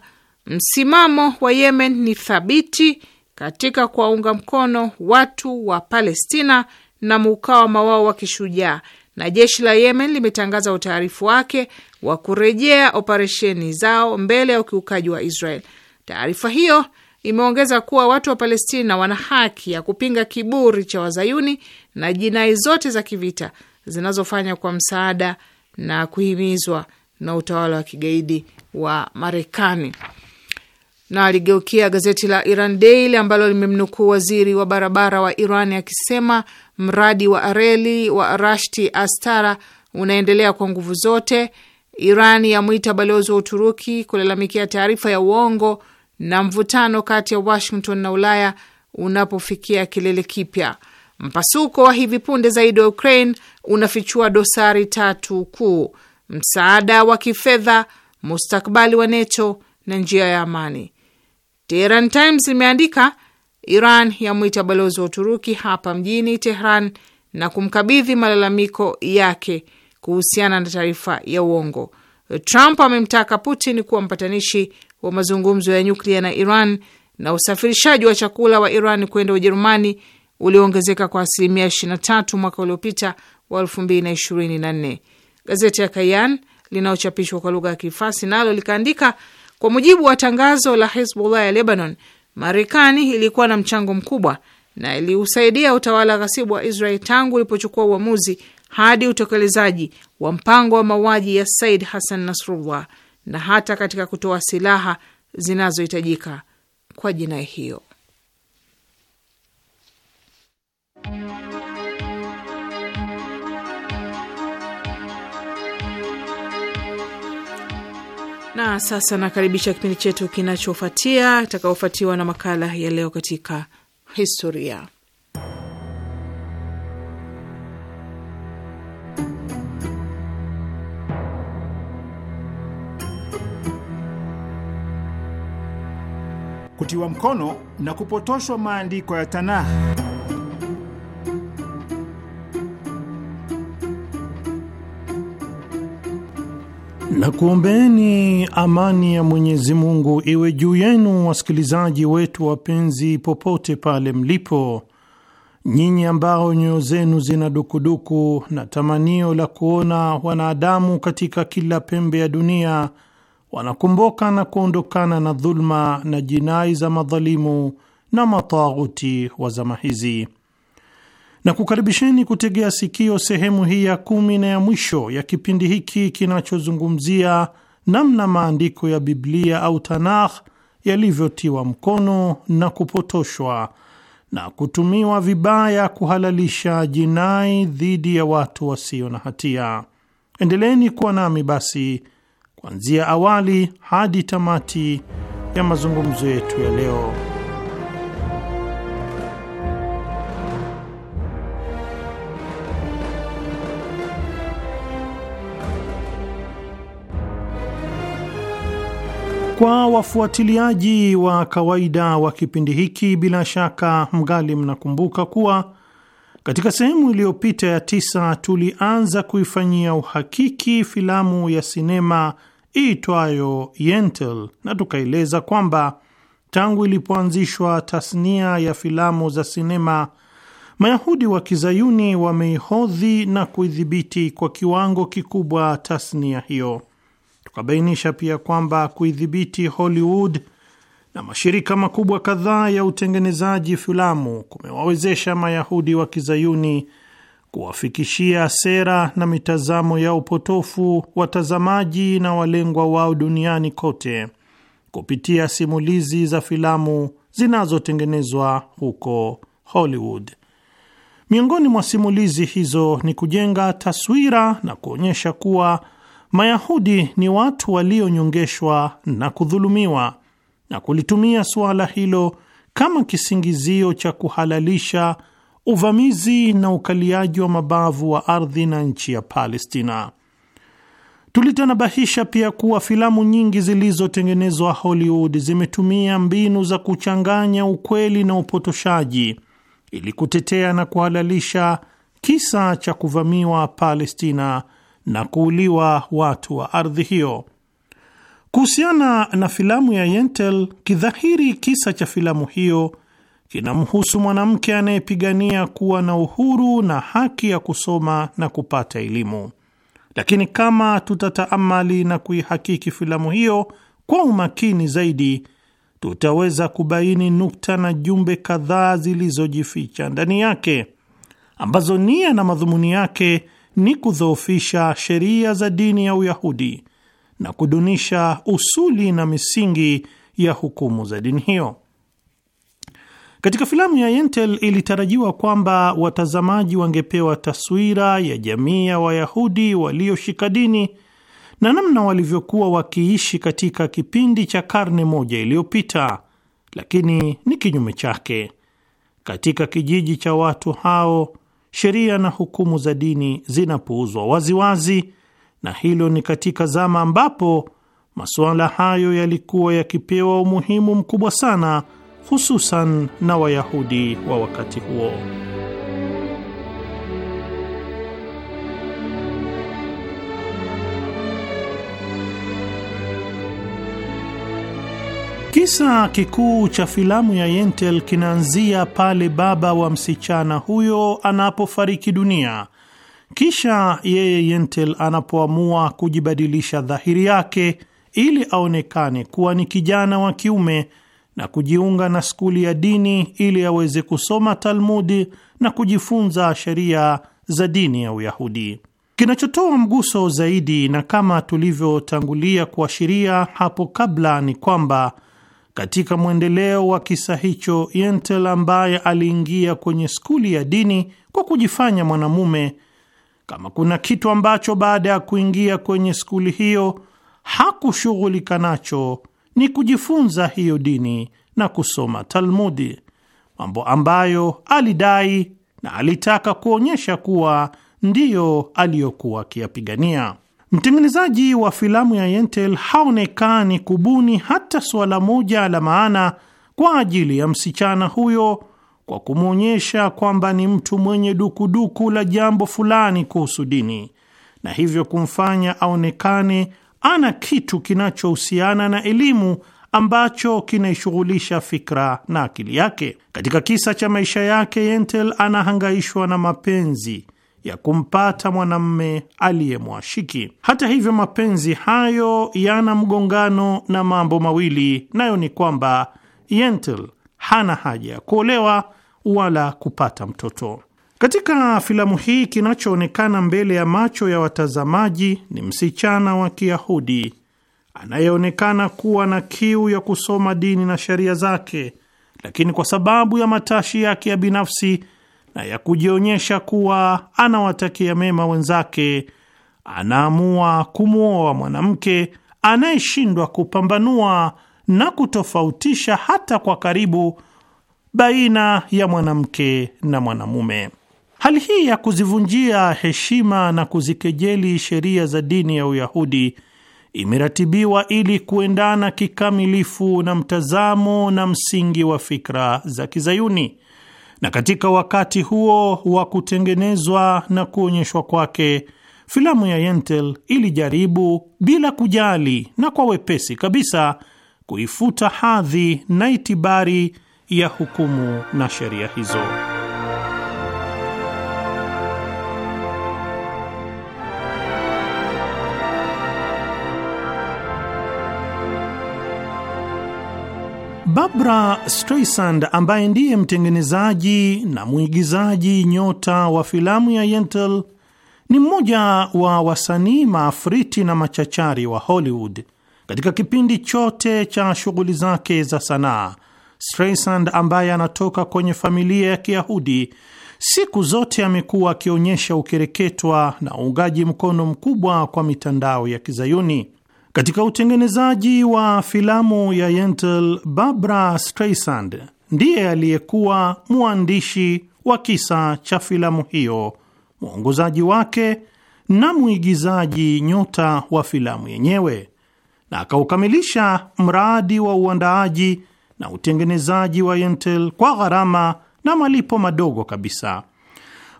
Msimamo wa Yemen ni thabiti katika kuwaunga mkono watu wa Palestina na mukawama wao wa kishujaa, na jeshi la Yemen limetangaza utaarifu wake wa kurejea operesheni zao mbele ya ukiukaji wa Israel. Taarifa hiyo imeongeza kuwa watu wa Palestina wana haki ya kupinga kiburi cha wazayuni na jinai zote za kivita zinazofanywa kwa msaada na kuhimizwa na utawala wa kigaidi wa Marekani na aligeukia gazeti la Iran Daily ambalo limemnukuu waziri wa barabara wa Iran akisema mradi wa reli wa Rashti Astara unaendelea kwa nguvu zote. Iran yamwita balozi wa Uturuki kulalamikia taarifa ya uongo na mvutano kati ya Washington na Ulaya unapofikia kilele kipya. Mpasuko wa hivi punde zaidi wa Ukraine unafichua dosari tatu kuu: msaada wa kifedha, mustakbali wa NATO na njia ya amani. Tehran Times imeandika Iran yamwita balozi wa Uturuki hapa mjini Tehran na kumkabidhi malalamiko yake kuhusiana na taarifa ya uongo. Trump amemtaka Putin kuwa mpatanishi wa mazungumzo ya nyuklia na Iran na usafirishaji wa chakula wa Iran kwenda Ujerumani ulioongezeka kwa asilimia 23 mwaka uliopita wa 2024. Gazeti ya Kayan linalochapishwa kwa lugha ya Kifasi nalo likaandika kwa mujibu wa tangazo la Hezbollah ya Lebanon, Marekani ilikuwa na mchango mkubwa na iliusaidia utawala ghasibu wa Israel tangu ulipochukua uamuzi hadi utekelezaji wa mpango wa mauaji ya Said Hassan Nasrullah na hata katika kutoa silaha zinazohitajika kwa jinai hiyo. Na sasa nakaribisha kipindi chetu kinachofuatia kitakaofuatiwa na makala ya leo katika historia. Kutiwa mkono na kupotoshwa maandiko ya Tanakh. na kuombeni amani ya Mwenyezi Mungu iwe juu yenu, wasikilizaji wetu wapenzi, popote pale mlipo, nyinyi ambao nyoyo zenu zina dukuduku na tamanio la kuona wanadamu katika kila pembe ya dunia wanakumboka na kuondokana na dhulma na jinai za madhalimu na matawuti wa zama hizi na kukaribisheni kutegea sikio sehemu hii ya kumi na ya mwisho ya kipindi hiki kinachozungumzia namna maandiko ya Biblia au Tanakh yalivyotiwa mkono na kupotoshwa na kutumiwa vibaya kuhalalisha jinai dhidi ya watu wasio na hatia. Endeleeni kuwa nami basi kuanzia awali hadi tamati ya mazungumzo yetu ya leo. Kwa wafuatiliaji wa kawaida wa kipindi hiki, bila shaka mgali mnakumbuka kuwa katika sehemu iliyopita ya tisa tulianza kuifanyia uhakiki filamu ya sinema iitwayo Yentl na tukaeleza kwamba tangu ilipoanzishwa tasnia ya filamu za sinema, Mayahudi wa Kizayuni wameihodhi na kuidhibiti kwa kiwango kikubwa tasnia hiyo. Tukabainisha pia kwamba kuidhibiti Hollywood na mashirika makubwa kadhaa ya utengenezaji filamu kumewawezesha Mayahudi wa kizayuni kuwafikishia sera na mitazamo ya upotofu watazamaji na walengwa wao duniani kote kupitia simulizi za filamu zinazotengenezwa huko Hollywood. Miongoni mwa simulizi hizo ni kujenga taswira na kuonyesha kuwa Mayahudi ni watu walionyongeshwa na kudhulumiwa, na kulitumia suala hilo kama kisingizio cha kuhalalisha uvamizi na ukaliaji wa mabavu wa ardhi na nchi ya Palestina. Tulitanabahisha pia kuwa filamu nyingi zilizotengenezwa Hollywood zimetumia mbinu za kuchanganya ukweli na upotoshaji ili kutetea na kuhalalisha kisa cha kuvamiwa Palestina na kuuliwa watu wa ardhi hiyo. Kuhusiana na filamu ya Yentel, kidhahiri kisa cha filamu hiyo kinamhusu mwanamke anayepigania kuwa na uhuru na haki ya kusoma na kupata elimu, lakini kama tutataamali na kuihakiki filamu hiyo kwa umakini zaidi, tutaweza kubaini nukta na jumbe kadhaa zilizojificha ndani yake ambazo nia na madhumuni yake ni kudhoofisha sheria za dini ya Uyahudi na kudunisha usuli na misingi ya hukumu za dini hiyo. Katika filamu ya Yentel ilitarajiwa kwamba watazamaji wangepewa taswira ya jamii ya Wayahudi walioshika dini na namna walivyokuwa wakiishi katika kipindi cha karne moja iliyopita, lakini ni kinyume chake. Katika kijiji cha watu hao sheria na hukumu za dini zinapuuzwa waziwazi, na hilo ni katika zama ambapo masuala hayo yalikuwa yakipewa umuhimu mkubwa sana, hususan na Wayahudi wa wakati huo. Kisa kikuu cha filamu ya Yentel kinaanzia pale baba wa msichana huyo anapofariki dunia, kisha yeye Yentel anapoamua kujibadilisha dhahiri yake ili aonekane kuwa ni kijana wa kiume na kujiunga na skuli ya dini ili aweze kusoma Talmudi na kujifunza sheria za dini ya Uyahudi. Kinachotoa mguso zaidi, na kama tulivyotangulia kuashiria hapo kabla, ni kwamba katika mwendeleo wa kisa hicho, Yentel ambaye aliingia kwenye skuli ya dini kwa kujifanya mwanamume, kama kuna kitu ambacho baada ya kuingia kwenye skuli hiyo hakushughulika nacho ni kujifunza hiyo dini na kusoma Talmudi, mambo ambayo alidai na alitaka kuonyesha kuwa ndiyo aliyokuwa akiyapigania. Mtengenezaji wa filamu ya Yentel haonekani kubuni hata suala moja la maana kwa ajili ya msichana huyo kwa kumwonyesha kwamba ni mtu mwenye dukuduku la jambo fulani kuhusu dini na hivyo kumfanya aonekane ana kitu kinachohusiana na elimu ambacho kinaishughulisha fikra na akili yake. Katika kisa cha maisha yake, Yentel anahangaishwa na mapenzi ya kumpata mwanamme aliyemwashiki. Hata hivyo, mapenzi hayo yana mgongano na mambo mawili, nayo ni kwamba Yentl hana haja ya kuolewa wala kupata mtoto. Katika filamu hii kinachoonekana mbele ya macho ya watazamaji ni msichana wa Kiyahudi anayeonekana kuwa na kiu ya kusoma dini na sheria zake, lakini kwa sababu ya matashi yake ya binafsi na ya kujionyesha kuwa anawatakia mema wenzake, anaamua kumwoa mwanamke anayeshindwa kupambanua na kutofautisha hata kwa karibu baina ya mwanamke na mwanamume. Hali hii ya kuzivunjia heshima na kuzikejeli sheria za dini ya Uyahudi imeratibiwa ili kuendana kikamilifu na mtazamo na msingi wa fikra za Kizayuni na katika wakati huo wa kutengenezwa na kuonyeshwa kwake, filamu ya Yentel ilijaribu bila kujali na kwa wepesi kabisa kuifuta hadhi na itibari ya hukumu na sheria hizo. Barbara Streisand ambaye ndiye mtengenezaji na mwigizaji nyota wa filamu ya Yentl ni mmoja wa wasanii maafriti na machachari wa Hollywood. Katika kipindi chote cha shughuli zake za sanaa, Streisand ambaye anatoka kwenye familia ya Kiyahudi siku zote amekuwa akionyesha ukereketwa na uungaji mkono mkubwa kwa mitandao ya Kizayuni. Katika utengenezaji wa filamu ya Yentl, barbara Streisand ndiye aliyekuwa mwandishi wa kisa cha filamu hiyo, mwongozaji wake na mwigizaji nyota wa filamu yenyewe, na akaukamilisha mradi wa uandaaji na utengenezaji wa Yentl kwa gharama na malipo madogo kabisa.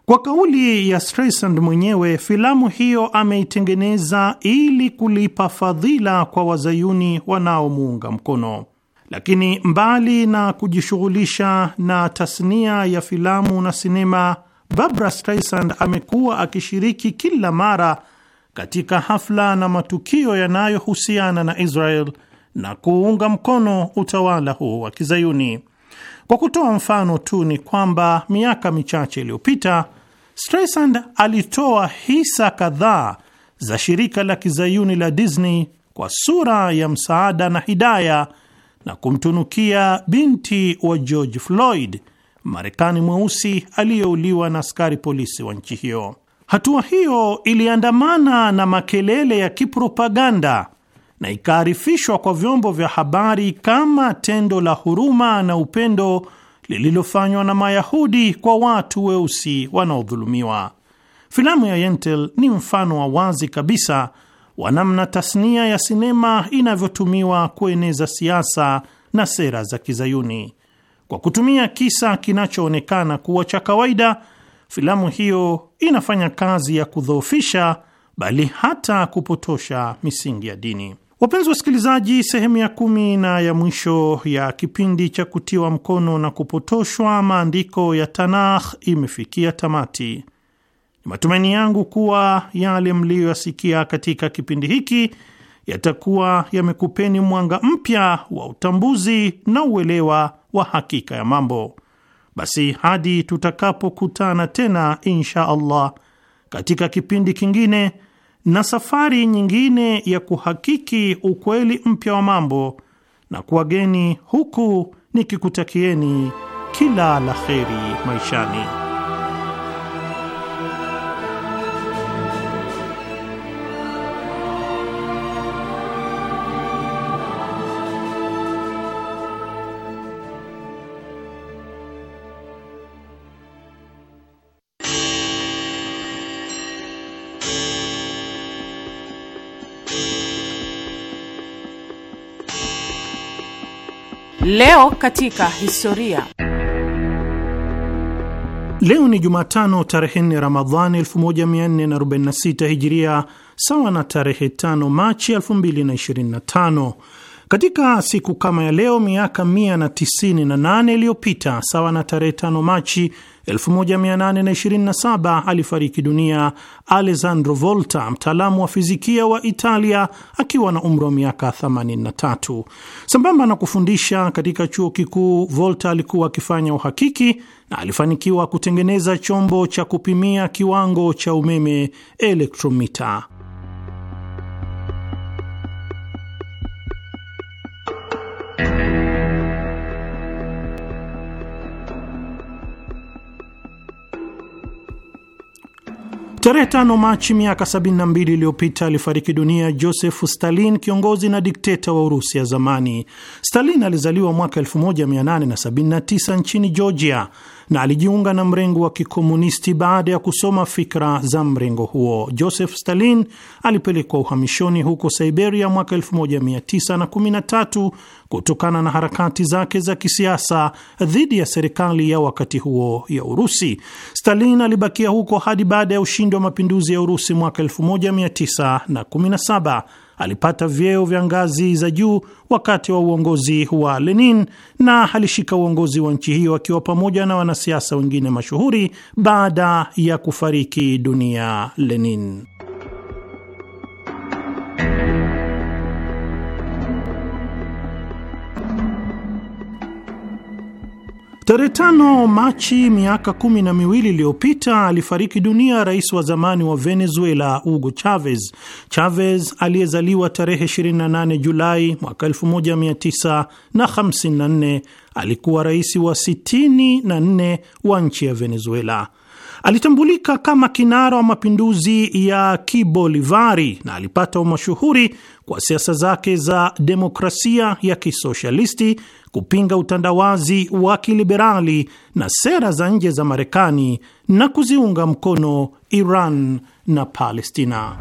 Kwa kauli ya Streisand mwenyewe, filamu hiyo ameitengeneza ili kulipa fadhila kwa wazayuni wanaomuunga mkono. Lakini mbali na kujishughulisha na tasnia ya filamu na sinema, Barbara Streisand amekuwa akishiriki kila mara katika hafla na matukio yanayohusiana na Israel na kuunga mkono utawala huo wa Kizayuni. Kwa kutoa mfano tu, ni kwamba miaka michache iliyopita Streisand alitoa hisa kadhaa za shirika la kizayuni la Disney kwa sura ya msaada na hidaya na kumtunukia binti wa George Floyd, Marekani mweusi aliyeuliwa na askari polisi wa nchi hiyo. Hatua hiyo iliandamana na makelele ya kipropaganda na ikaarifishwa kwa vyombo vya habari kama tendo la huruma na upendo lililofanywa na Mayahudi kwa watu weusi wanaodhulumiwa. Filamu ya Yentel ni mfano wa wazi kabisa wa namna tasnia ya sinema inavyotumiwa kueneza siasa na sera za Kizayuni kwa kutumia kisa kinachoonekana kuwa cha kawaida. Filamu hiyo inafanya kazi ya kudhoofisha, bali hata kupotosha misingi ya dini. Wapenzi wasikilizaji, sehemu ya kumi na ya mwisho ya kipindi cha kutiwa mkono na kupotoshwa maandiko ya Tanakh imefikia tamati. Ni matumaini yangu kuwa yale mliyoyasikia katika kipindi hiki yatakuwa yamekupeni mwanga mpya wa utambuzi na uelewa wa hakika ya mambo. Basi hadi tutakapokutana tena, insha Allah, katika kipindi kingine na safari nyingine ya kuhakiki ukweli mpya wa mambo na kuwageni huku nikikutakieni kila la kheri maishani. Leo katika historia. Leo ni Jumatano tarehe 4 Ramadhani 1446 Hijiria, sawa na tarehe 5 Machi 2025. Katika siku kama ya leo miaka 198 iliyopita, sawa na tarehe 5 Machi 1827, alifariki dunia Alessandro Volta, mtaalamu wa fizikia wa Italia akiwa na umri wa miaka 83. Sambamba na kufundisha katika chuo kikuu, Volta alikuwa akifanya uhakiki na alifanikiwa kutengeneza chombo cha kupimia kiwango cha umeme, elektromita. Tarehe tano Machi miaka 72 iliyopita alifariki dunia Joseph Stalin, kiongozi na dikteta wa Urusi ya zamani. Stalin alizaliwa mwaka 1879 nchini Georgia na alijiunga na mrengo wa kikomunisti baada ya kusoma fikra za mrengo huo. Joseph Stalin alipelekwa uhamishoni huko Siberia mwaka 1913 kutokana na harakati zake za kisiasa dhidi ya serikali ya wakati huo ya Urusi. Stalin alibakia huko hadi baada ya ushindi wa mapinduzi ya Urusi mwaka 1917. Alipata vyeo vya ngazi za juu wakati wa uongozi wa Lenin na alishika uongozi wa nchi hiyo akiwa pamoja na wanasiasa wengine mashuhuri baada ya kufariki dunia Lenin. Tarehe tano Machi miaka kumi na miwili iliyopita alifariki dunia rais wa zamani wa Venezuela Hugo Chavez. Chavez aliyezaliwa tarehe 28 Julai mwaka 1954 alikuwa rais wa 64 wa nchi ya Venezuela. Alitambulika kama kinara wa mapinduzi ya kibolivari na alipata umashuhuri kwa siasa zake za demokrasia ya kisoshalisti, kupinga utandawazi wa kiliberali na sera za nje za Marekani na kuziunga mkono Iran na Palestina.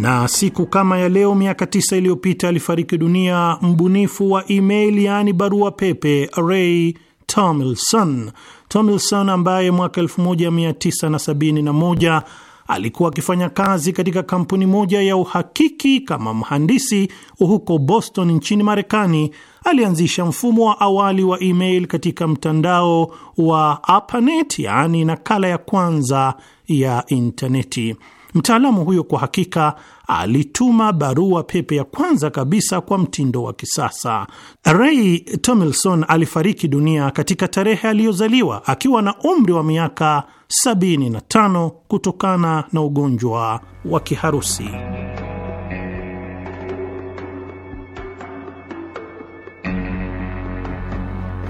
Na siku kama ya leo miaka tisa iliyopita alifariki dunia mbunifu wa email, yaani barua pepe, Ray Tomlinson. Tomlinson ambaye mwaka 1971 alikuwa akifanya kazi katika kampuni moja ya uhakiki kama mhandisi huko Boston nchini Marekani, alianzisha mfumo wa awali wa email katika mtandao wa ARPANET, yaani nakala ya kwanza ya intaneti. Mtaalamu huyo kwa hakika alituma barua pepe ya kwanza kabisa kwa mtindo wa kisasa. Ray Tomlinson alifariki dunia katika tarehe aliyozaliwa akiwa na umri wa miaka 75 kutokana na ugonjwa wa kiharusi.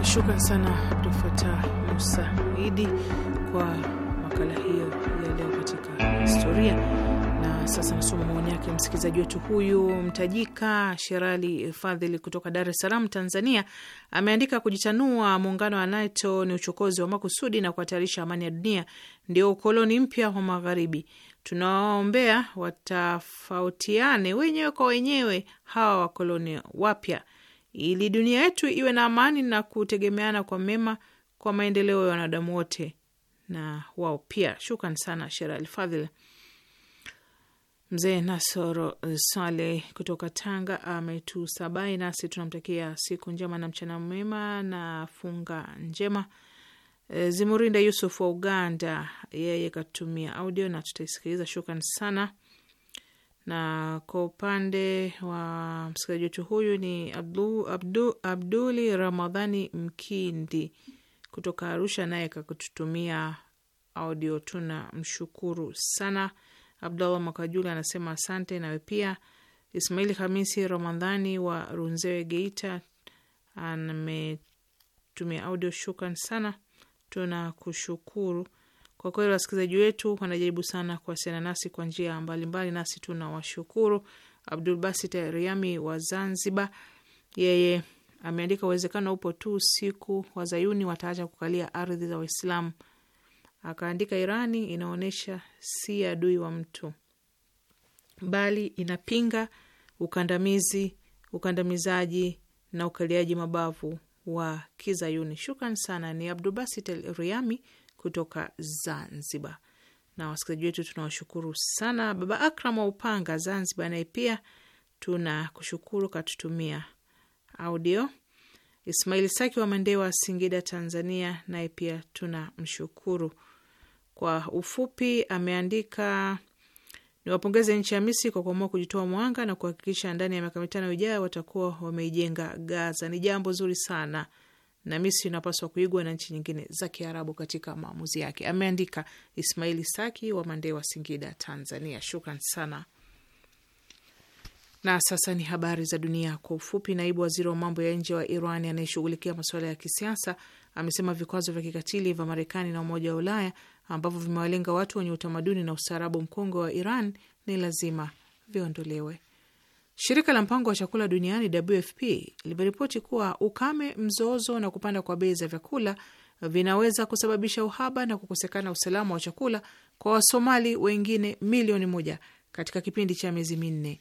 Shukran sana Dkt. Musa Idi kwa makala hiyo historia. Na sasa nasoma maoni yake msikilizaji wetu huyu mtajika Sherali Fadhili kutoka Dar es Salaam, Tanzania. Ameandika, kujitanua muungano wa NATO ni uchokozi wa makusudi na kuhatarisha amani ya dunia, ndio ukoloni mpya wa Magharibi. Tunawaombea watafautiane wenyewe kwa wenyewe hawa wakoloni wapya, ili dunia yetu iwe na amani na kutegemeana kwa mema kwa maendeleo ya wanadamu wote na wao pia. Shukran sana Shera Alfadhil. Mzee Nasoro sale kutoka Tanga ametusabai, nasi tunamtakia siku njema na mchana mwema na funga njema. E, Zimurinda Yusuf wa Uganda, yeye katumia audio na tutaisikiliza. Shukran sana. Na kwa upande wa msikilizaji wetu huyu ni Abdu, Abdu, Abduli Ramadhani Mkindi kutoka Arusha, naye akakututumia audio. Tuna mshukuru sana. Abdallah Mwakajula anasema asante. Nawe pia Ismaili Hamisi Ramadhani wa Runzewe, Geita, ametumia audio. Shukran sana, kushukuru kwa kweli. Wasikilizaji wetu wanajaribu sana kuwasiliana nasi kwa njia mbalimbali, nasi washukuru. Abdul Basit Riami wa Zanzibar, yeye ameandika uwezekano upo tu siku wazayuni wataacha kukalia ardhi za Waislamu. Akaandika Irani inaonyesha si adui wa mtu, bali inapinga ukandamizi, ukandamizaji na ukaliaji mabavu wa Kizayuni. Shukran sana. Ni Abdubasit El Riami kutoka Zanzibar. Na wasikilizaji wetu tunawashukuru sana. Baba Akram wa Upanga, Zanzibar, naye pia tuna kushukuru katutumia audio. Ismail Saki wa Mandewa, Singida, Tanzania, naye pia tuna mshukuru. Kwa ufupi ameandika niwapongeze nchi ya Misri kwa kuamua kujitoa mwanga na kuhakikisha ndani ya miaka mitano ijayo watakuwa wameijenga Gaza. Ni jambo zuri sana, na Misri inapaswa kuigwa na nchi nyingine za Kiarabu katika maamuzi yake, ameandika Ismaili Saki wa Mandewa, Singida, Tanzania. Shukran sana na sasa ni habari za dunia kwa ufupi. Naibu waziri wa mambo ya nje wa Iran anayeshughulikia masuala ya kisiasa amesema vikwazo vya kikatili vya Marekani na Umoja wa Ulaya ambavyo vimewalenga watu wenye utamaduni na ustaarabu mkongwe wa Iran ni lazima viondolewe. Shirika la mpango wa chakula duniani WFP limeripoti kuwa ukame, mzozo na kupanda kwa bei za vyakula vinaweza kusababisha uhaba na kukosekana usalama wa chakula kwa Wasomali wengine milioni moja katika kipindi cha miezi minne